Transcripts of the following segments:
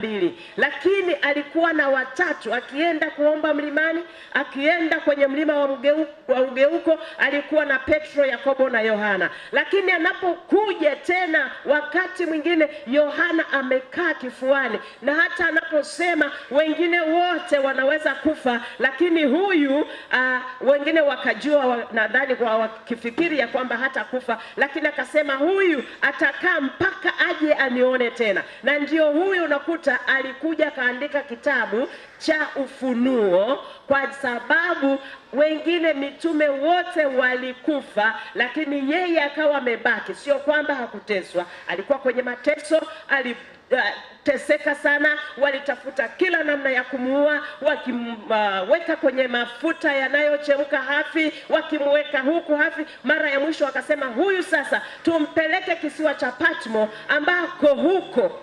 mbili, lakini alikuwa na watatu. Akienda kuomba mlimani, akienda kwenye mlima wa mgeuko, wa ugeuko alikuwa na Petro, Yakobo na Yohana. Lakini anapokuja tena wakati mwingine Yohana amekaa kifuani, na hata anaposema wengine wote wanaweza kufa, lakini huyu uh, wengine wakajua, nadhani kwa wakifikiri ya kwamba hata kufa, lakini akasema huyu atakaa mpaka aje anione tena, na ndio huyu unakuta Musa alikuja kaandika kitabu cha Ufunuo kwa sababu wengine mitume wote walikufa, lakini yeye akawa amebaki. Sio kwamba hakuteswa, alikuwa kwenye mateso, ali uh, teseka sana, walitafuta kila namna ya kumuua, wakimweka uh, kwenye mafuta yanayochemka hafi, wakimweka huku hafi. Mara ya mwisho wakasema, huyu sasa tumpeleke kisiwa cha Patmo, ambako huko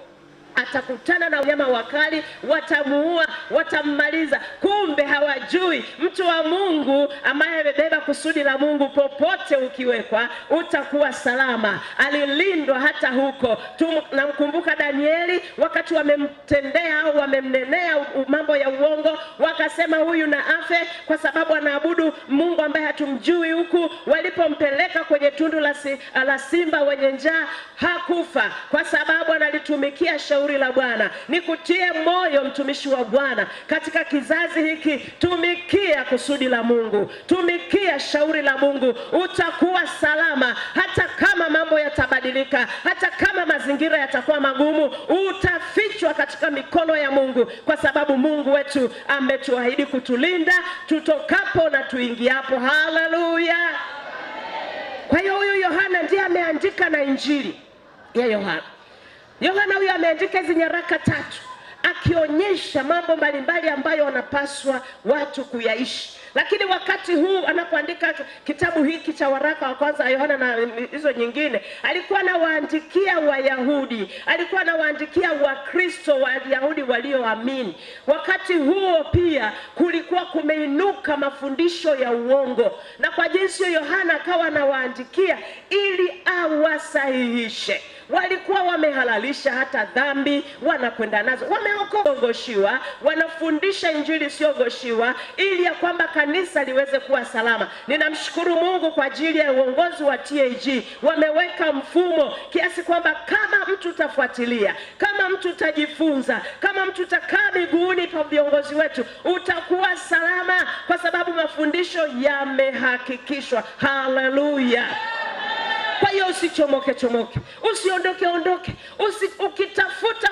atakutana na wanyama wakali, watamuua, watammaliza. Kumbe hawajui. Mtu wa Mungu ambaye amebeba kusudi la Mungu, popote ukiwekwa utakuwa salama. Alilindwa hata huko. Tunamkumbuka Danieli, wakati wamemtendea au wamemnenea mambo ya uongo, wakasema huyu na afe kwa sababu anaabudu Mungu ambaye hatumjui. Huku walipompeleka kwenye tundu la simba wenye njaa, hakufa kwa sababu analitumikia shauri zuri la Bwana. Nikutie moyo mtumishi wa Bwana, katika kizazi hiki tumikia kusudi la Mungu, tumikia shauri la Mungu, utakuwa salama hata kama mambo yatabadilika, hata kama mazingira yatakuwa magumu, utafichwa katika mikono ya Mungu, kwa sababu Mungu wetu ametuahidi kutulinda tutokapo na tuingiapo. Haleluya! Kwa hiyo huyu Yohana ndiye ameandika na Injili ya Yohana. Yohana huyo ameandika hizi nyaraka tatu akionyesha mambo mbalimbali ambayo wanapaswa watu kuyaishi, lakini wakati huu anapoandika kitabu hiki cha waraka wa kwanza wa Yohana na hizo nyingine, alikuwa anawaandikia Wayahudi, alikuwa anawaandikia Wakristo Wayahudi walioamini. Wakati huo pia kulikuwa kumeinuka mafundisho ya uongo, na kwa jinsi Yohana akawa anawaandikia ili awasahihishe walikuwa wamehalalisha hata dhambi, wanakwenda nazo, wameogoshiwa, wanafundisha injili isiyogoshiwa, ili ya kwamba kanisa liweze kuwa salama. Ninamshukuru Mungu kwa ajili ya uongozi wa TAG, wameweka mfumo kiasi kwamba kama mtu utafuatilia, kama mtu utajifunza, kama mtu utakaa miguuni pa viongozi wetu, utakuwa salama, kwa sababu mafundisho yamehakikishwa. Haleluya! Kwa hiyo usichomoke chomoke, usiondoke ondoke, usi, ukitafuta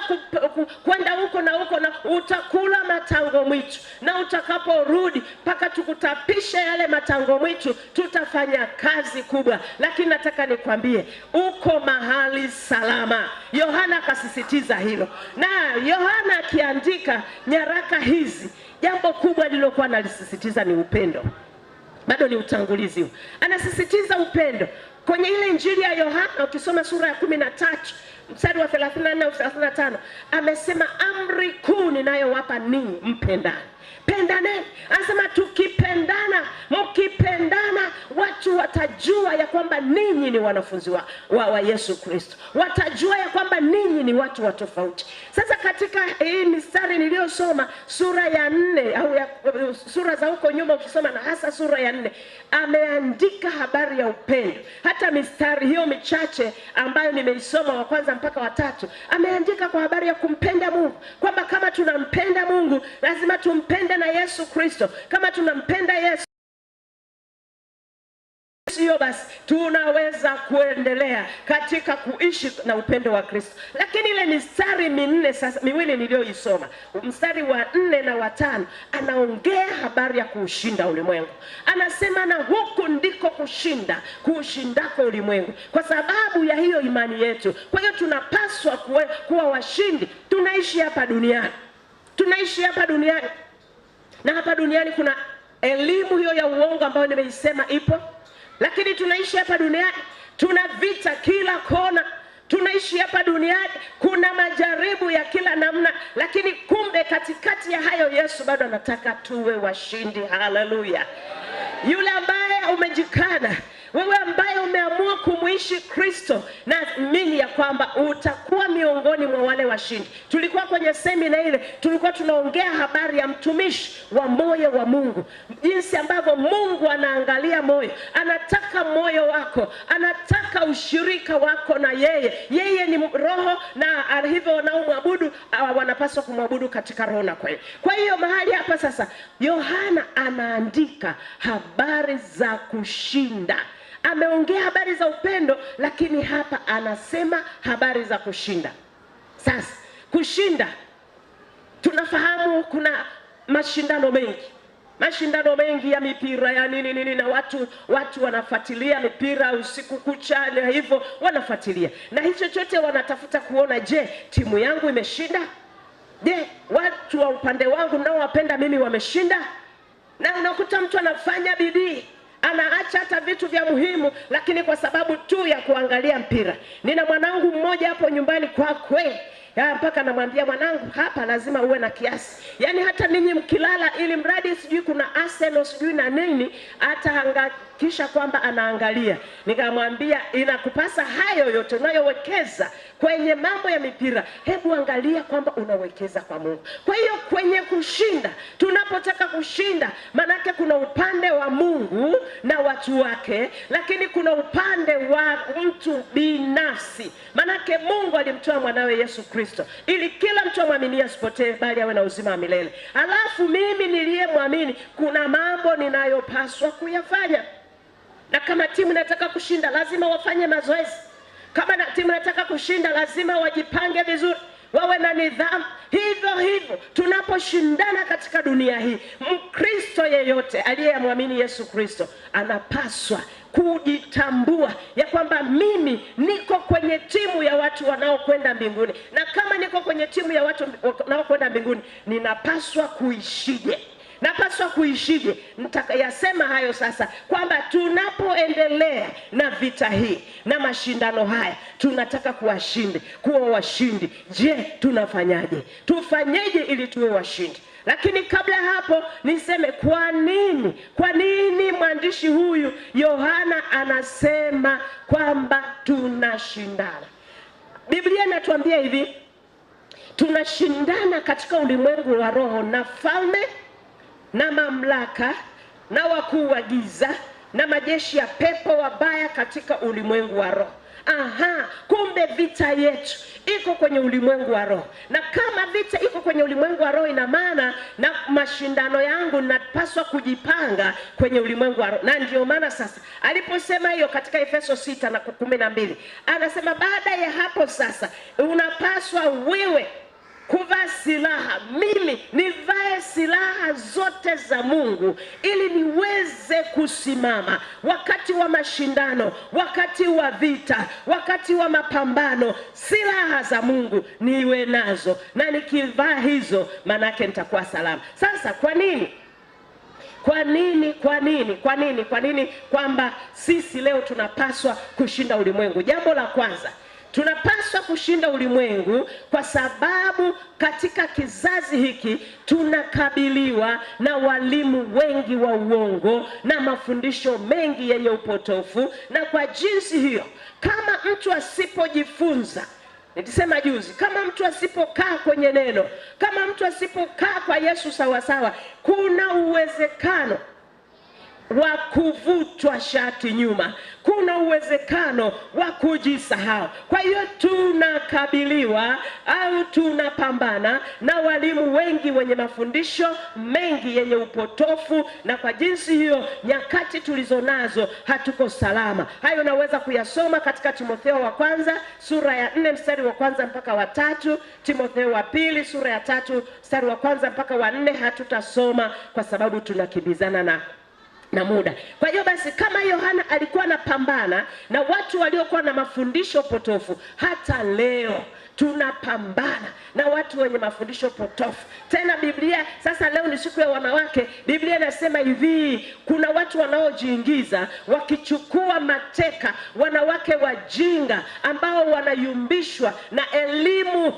kwenda huko na huko na utakula matango mwitu, na utakaporudi mpaka tukutapishe yale matango mwitu, tutafanya kazi kubwa. Lakini nataka nikwambie uko mahali salama. Yohana akasisitiza hilo, na Yohana akiandika nyaraka hizi, jambo kubwa lililokuwa analisisitiza ni upendo. Bado ni utangulizi huu, anasisitiza upendo. Kwenye ile injili ya Yohana ukisoma sura ya kumi na tatu mstari wa 34 au 35 amesema amri kuu ninayowapa ninyi mpendane, pendaneni. Anasema tuki mkipendana, mkipendana watu watajua ya kwamba ninyi ni wanafunzi wa, wa, wa Yesu Kristo, watajua ya kwamba ninyi ni watu wa tofauti. Sasa katika hii mistari niliyosoma sura ya nne au ya, sura za huko nyuma ukisoma na hasa sura ya nne ameandika habari ya upendo. Hata mistari hiyo michache ambayo nimeisoma wa kwanza mpaka watatu ameandika kwa habari ya kumpenda Mungu, kwamba kama tunampenda Mungu lazima tumpende na Yesu Kristo. Kama tunampenda Yesu nafasi hiyo basi tunaweza kuendelea katika kuishi na upendo wa Kristo. Lakini ile mistari minne sasa miwili niliyoisoma, mstari wa nne na wa tano, anaongea habari ya kuushinda ulimwengu. Anasema na huku ndiko kushinda kuushindako ulimwengu, kwa sababu ya hiyo imani yetu. Kwa hiyo tunapaswa kuwe, kuwa washindi. Tunaishi hapa duniani, tunaishi hapa duniani, na hapa duniani kuna elimu hiyo ya uongo ambayo nimeisema ipo lakini tunaishi hapa duniani, tuna vita kila kona, tunaishi hapa duniani, kuna majaribu ya kila namna, lakini kumbe katikati ya hayo Yesu bado anataka tuwe washindi. Haleluya! yule ambaye umejikana wewe ambaye umeamua kumuishi Kristo, na ya kwamba utakuwa miongoni mwa wale washindi. Tulikuwa kwenye semina ile, tulikuwa tunaongea habari ya mtumishi wa moyo wa Mungu, jinsi ambavyo Mungu anaangalia moyo, anataka moyo wako, anataka ushirika wako na yeye. Yeye ni roho, na hivyo wanaomwabudu ah, wanapaswa kumwabudu katika roho na kweli. Kwa hiyo mahali hapa sasa, Yohana anaandika habari za kushinda ameongea habari za upendo, lakini hapa anasema habari za kushinda. Sasa kushinda, tunafahamu kuna mashindano mengi, mashindano mengi ya mipira ya nini nini, na watu watu wanafuatilia mipira usiku kucha, na hivyo wanafuatilia na hicho chote, wanatafuta kuona, je, timu yangu imeshinda? Je, watu wa upande wangu nao wapenda mimi wameshinda? Na unakuta mtu anafanya bidii anaacha hata vitu vya muhimu, lakini kwa sababu tu ya kuangalia mpira. Nina mwanangu mmoja hapo nyumbani kwakwe mpaka namwambia mwanangu, hapa lazima uwe na kiasi, yaani hata ninyi mkilala, ili mradi sijui kuna Arsenal sijui na nini, hata hanga kisha kwamba anaangalia, nikamwambia inakupasa hayo yote unayowekeza kwenye mambo ya mipira, hebu angalia kwamba unawekeza kwa Mungu. Kwa hiyo kwenye kushinda, tunapotaka kushinda, maanake kuna upande wa Mungu na watu wake, lakini kuna upande wa mtu binafsi, maanake Mungu alimtoa mwanawe Yesu Kristo ili kila mtu amwaminie asipotee, bali awe na uzima wa milele. Alafu mimi niliyemwamini, kuna mambo ninayopaswa kuyafanya na kama timu nataka kushinda lazima wafanye mazoezi. Kama na timu nataka kushinda lazima wajipange vizuri, wawe na nidhamu. Hivyo hivyo tunaposhindana katika dunia hii, Mkristo yeyote aliyemwamini Yesu Kristo anapaswa kujitambua ya kwamba mimi niko kwenye timu ya watu wanaokwenda mbinguni, na kama niko kwenye timu ya watu wanaokwenda mbinguni ninapaswa kuishije? napaswa kuishije? Mtakayasema hayo sasa, kwamba tunapoendelea na vita hii na mashindano haya, tunataka kuwashindi, kuwa washindi. Je, tunafanyaje? Tufanyeje ili tuwe washindi? Lakini kabla hapo niseme kwa nini, kwa nini mwandishi huyu Yohana anasema kwamba tunashindana? Biblia inatuambia hivi, tunashindana katika ulimwengu wa roho na falme na mamlaka na wakuu wa giza na majeshi ya pepo wabaya katika ulimwengu wa roho. Aha, kumbe vita yetu iko kwenye ulimwengu wa roho, na kama vita iko kwenye ulimwengu wa roho, ina maana na mashindano yangu napaswa kujipanga kwenye ulimwengu wa roho. Na ndio maana sasa aliposema hiyo katika Efeso sita na kumi na mbili anasema baada ya hapo sasa unapaswa wewe kuvaa silaha, mimi nivae silaha zote za Mungu ili niweze kusimama wakati wa mashindano, wakati wa vita, wakati wa mapambano. Silaha za Mungu niwe nazo, na nikivaa hizo, manake nitakuwa salama. Sasa kwa nini kwa nini? Kwa nini? Kwa nini? Kwa nini kwamba sisi leo tunapaswa kushinda ulimwengu? Jambo la kwanza Tunapaswa kushinda ulimwengu kwa sababu katika kizazi hiki tunakabiliwa na walimu wengi wa uongo na mafundisho mengi yenye upotofu, na kwa jinsi hiyo, kama mtu asipojifunza Nilisema juzi kama mtu asipokaa kwenye neno, kama mtu asipokaa kwa Yesu sawasawa, kuna uwezekano wa kuvutwa shati nyuma, kuna uwezekano wa kujisahau. Kwa hiyo tunakabiliwa au tunapambana na walimu wengi wenye mafundisho mengi yenye upotofu, na kwa jinsi hiyo nyakati tulizonazo hatuko salama. Hayo naweza kuyasoma katika Timotheo wa kwanza sura ya nne mstari wa kwanza mpaka wa tatu, Timotheo wa pili sura ya tatu mstari wa kwanza mpaka wa nne. Hatutasoma kwa sababu tunakimbizana na na muda. Kwa hiyo basi, kama Yohana alikuwa anapambana na watu waliokuwa na mafundisho potofu, hata leo tunapambana na watu wenye mafundisho potofu. Tena Biblia sasa, leo ni siku ya wanawake. Biblia inasema hivi, kuna watu wanaojiingiza wakichukua mateka wanawake wajinga ambao wanayumbishwa na elimu,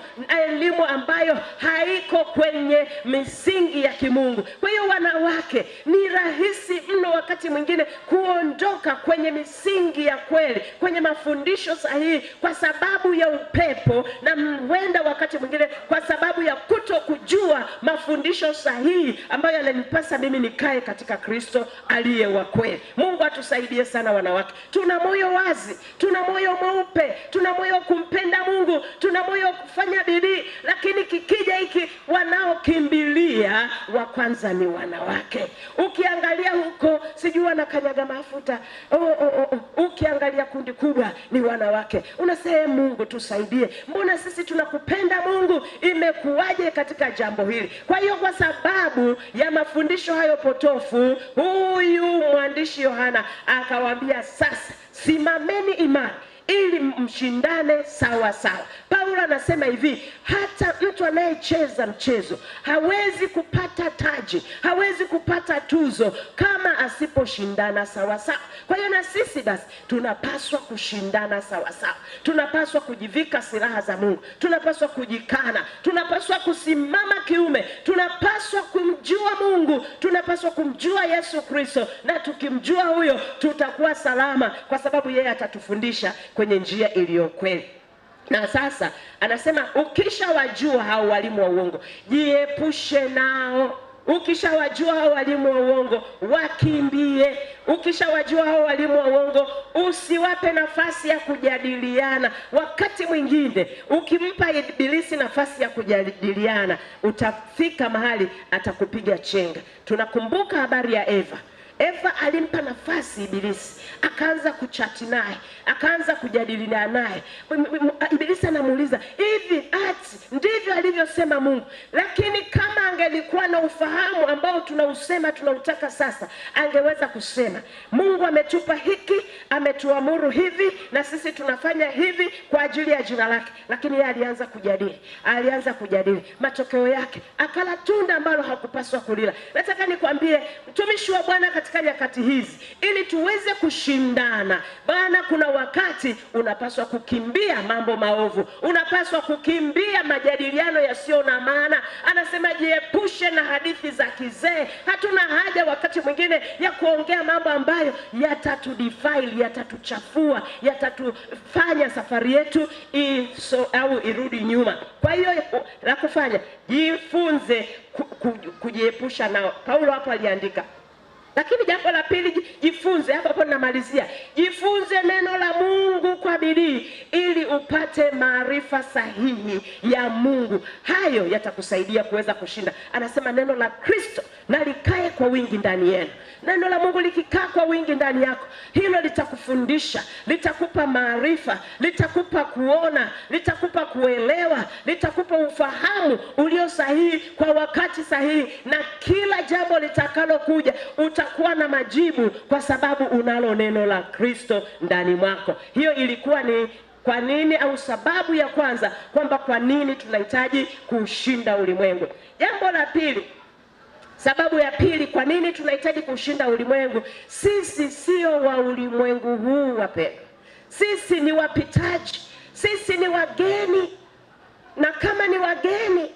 elimu ambayo haiko kwenye misingi ya kimungu. Kwa hiyo wanawake, ni rahisi mno wakati mwingine kuondoka kwenye misingi ya kweli, kwenye mafundisho sahihi, kwa sababu ya upepo na mwenda wakati mwingine kwa sababu ya kuto kujua mafundisho sahihi ambayo yananipasa mimi nikae katika Kristo aliye wa kweli. Mungu atusaidie sana wanawake. Tuna moyo wazi, tuna moyo mweupe, tuna moyo kumpenda Mungu, tuna moyo kufanya bidii, lakini kikija hiki wanaokimbilia wa kwanza ni wanawake. Ukiangalia huko sijui wanakanyaga mafuta oh, oh, oh. oh. Ukiangalia kundi kubwa ni wanawake. Unasema Mungu tusaidie, mbona sisi tunakupenda Mungu, imekuwaje katika jambo hili? Kwa hiyo kwa sababu ya mafundisho hayo potofu, huyu mwandishi Yohana akawaambia sasa, simameni imani ili mshindane sawa sawa. Paulo anasema hivi, hata mtu anayecheza mchezo hawezi kupata taji, hawezi kupata tuzo kama asiposhindana sawa sawa. Kwa hiyo na sisi basi tunapaswa kushindana sawa sawa, tunapaswa kujivika silaha za Mungu, tunapaswa kujikana, tunapaswa kusimama kiume, tunapaswa kumjua Mungu, tunapaswa kumjua Yesu Kristo, na tukimjua huyo tutakuwa salama, kwa sababu yeye atatufundisha kwenye njia iliyo kweli. Na sasa anasema ukishawajua hao walimu wa uongo, jiepushe nao. Ukishawajua hao walimu wa uongo, wakimbie. Ukishawajua hao walimu wa uongo, usiwape nafasi ya kujadiliana. Wakati mwingine ukimpa Ibilisi nafasi ya kujadiliana, utafika mahali atakupiga chenga. Tunakumbuka habari ya Eva. Eva alimpa nafasi Ibilisi, akaanza kuchati naye, akaanza kujadiliana naye. Ibilisi anamuuliza hivi, ati ndivyo alivyosema Mungu? Lakini kama angelikuwa na ufahamu ambao tunausema tunautaka sasa, angeweza kusema Mungu ametupa hiki, ametuamuru hivi, na sisi tunafanya hivi kwa ajili ya jina lake. Lakini yeye alianza kujadili, alianza kujadili, matokeo yake akala tunda ambalo hakupaswa kulila. Nataka nikwambie mtumishi wa Bwana katika nyakati hizi ili tuweze kushindana bana. Kuna wakati unapaswa kukimbia mambo maovu, unapaswa kukimbia majadiliano yasiyo na maana. Anasema jiepushe na hadithi za kizee. Hatuna haja wakati mwingine ya kuongea mambo ambayo yatatudifaili, yatatuchafua, yatatufanya safari yetu iso, au irudi nyuma. Kwa hiyo la kufanya jifunze kujiepusha nao. Paulo hapo aliandika lakini jambo la pili, jifunze hapa hapo, ninamalizia, jifunze neno la Mungu kwa bidii ili upate maarifa sahihi ya Mungu. Hayo yatakusaidia kuweza kushinda. Anasema neno la Kristo na likae kwa wingi ndani yenu. Neno la Mungu likikaa kwa wingi ndani yako, hilo litakufundisha, litakupa maarifa, litakupa kuona, litakupa kuelewa, litakupa ufahamu ulio sahihi kwa wakati sahihi, na kila jambo litakalokuja uta utakuwa na majibu kwa sababu unalo neno la Kristo ndani mwako. Hiyo ilikuwa ni kwa nini au sababu ya kwanza kwamba kwa nini tunahitaji kuushinda ulimwengu. Jambo la pili, sababu ya pili kwa nini tunahitaji kuushinda ulimwengu, sisi sio wa ulimwengu huu wapendwa. Sisi ni wapitaji, sisi ni wageni, na kama ni wageni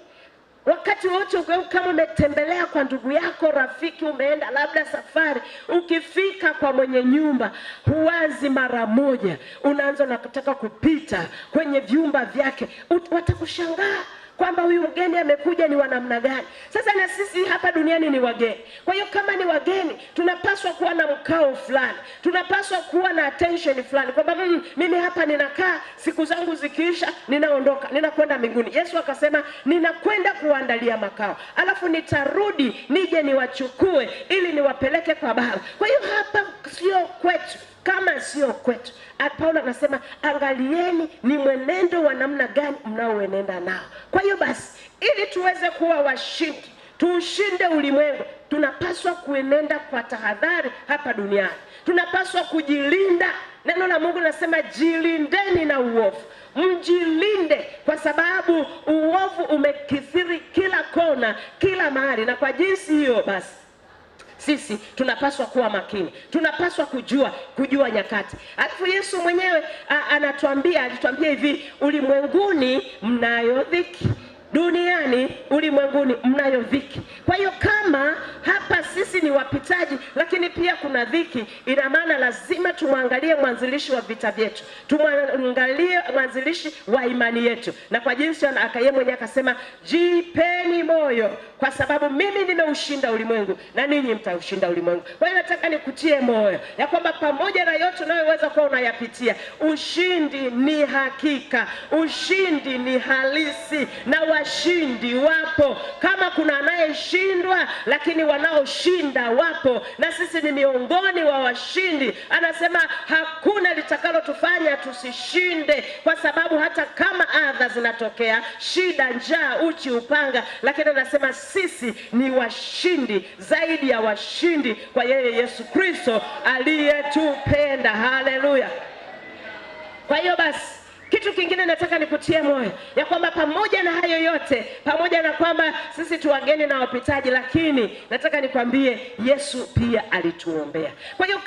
Wakati wote ukiwa kama umetembelea kwa ndugu yako rafiki, umeenda labda safari, ukifika kwa mwenye nyumba huwazi mara moja, unaanza na kutaka kupita kwenye vyumba vyake, watakushangaa kwamba huyu mgeni amekuja ni wa namna gani. Sasa na sisi hapa duniani ni wageni, kwa hiyo kama ni wageni tunapaswa kuwa na mkao fulani, tunapaswa kuwa na attention fulani kwamba mm, mimi hapa ninakaa, siku zangu zikiisha ninaondoka, ninakwenda mbinguni. Yesu akasema ninakwenda kuandalia makao, alafu nitarudi nije niwachukue ili niwapeleke kwa Baba. Kwa hiyo hapa sio kwetu kama sio kwetu. Ah, Paulo anasema angalieni ni mwenendo wa namna gani mnaoenenda nao. Kwa hiyo basi, ili tuweze kuwa washindi, tuushinde ulimwengu, tunapaswa kuenenda kwa tahadhari hapa duniani, tunapaswa kujilinda. Neno la Mungu linasema jilindeni na uovu, mjilinde, kwa sababu uovu umekithiri kila kona, kila mahali, na kwa jinsi hiyo basi sisi tunapaswa kuwa makini, tunapaswa kujua kujua nyakati. Alafu Yesu mwenyewe anatuambia, alituambia hivi, ulimwenguni mnayo dhiki duniani ulimwenguni mnayo dhiki. Kwa hiyo kama hapa sisi ni wapitaji, lakini pia kuna dhiki, ina maana lazima tumwangalie mwanzilishi wa vita vyetu, tumwangalie mwanzilishi wa imani yetu, na kwa jinsi akaye mwenyewe akasema, jipeni moyo kwa sababu mimi nimeushinda ulimwengu na ninyi mtaushinda ulimwengu. Kwa hiyo nataka nikutie moyo ya kwamba pamoja na yote unayoweza kuwa unayapitia, ushindi ni hakika, ushindi ni halisi na wa washindi wapo, kama kuna anayeshindwa, lakini wanaoshinda wapo, na sisi ni miongoni wa washindi. Anasema hakuna litakalotufanya tusishinde, kwa sababu hata kama adha zinatokea, shida, njaa, uchi, upanga, lakini anasema sisi ni washindi, zaidi ya washindi kwa yeye Yesu Kristo aliyetupenda. Haleluya! Kwa hiyo basi kitu kingine nataka nikutie moyo ya kwamba pamoja na hayo yote, pamoja na kwamba sisi tu wageni na wapitaji, lakini nataka nikwambie Yesu pia alituombea. Kwa hiyo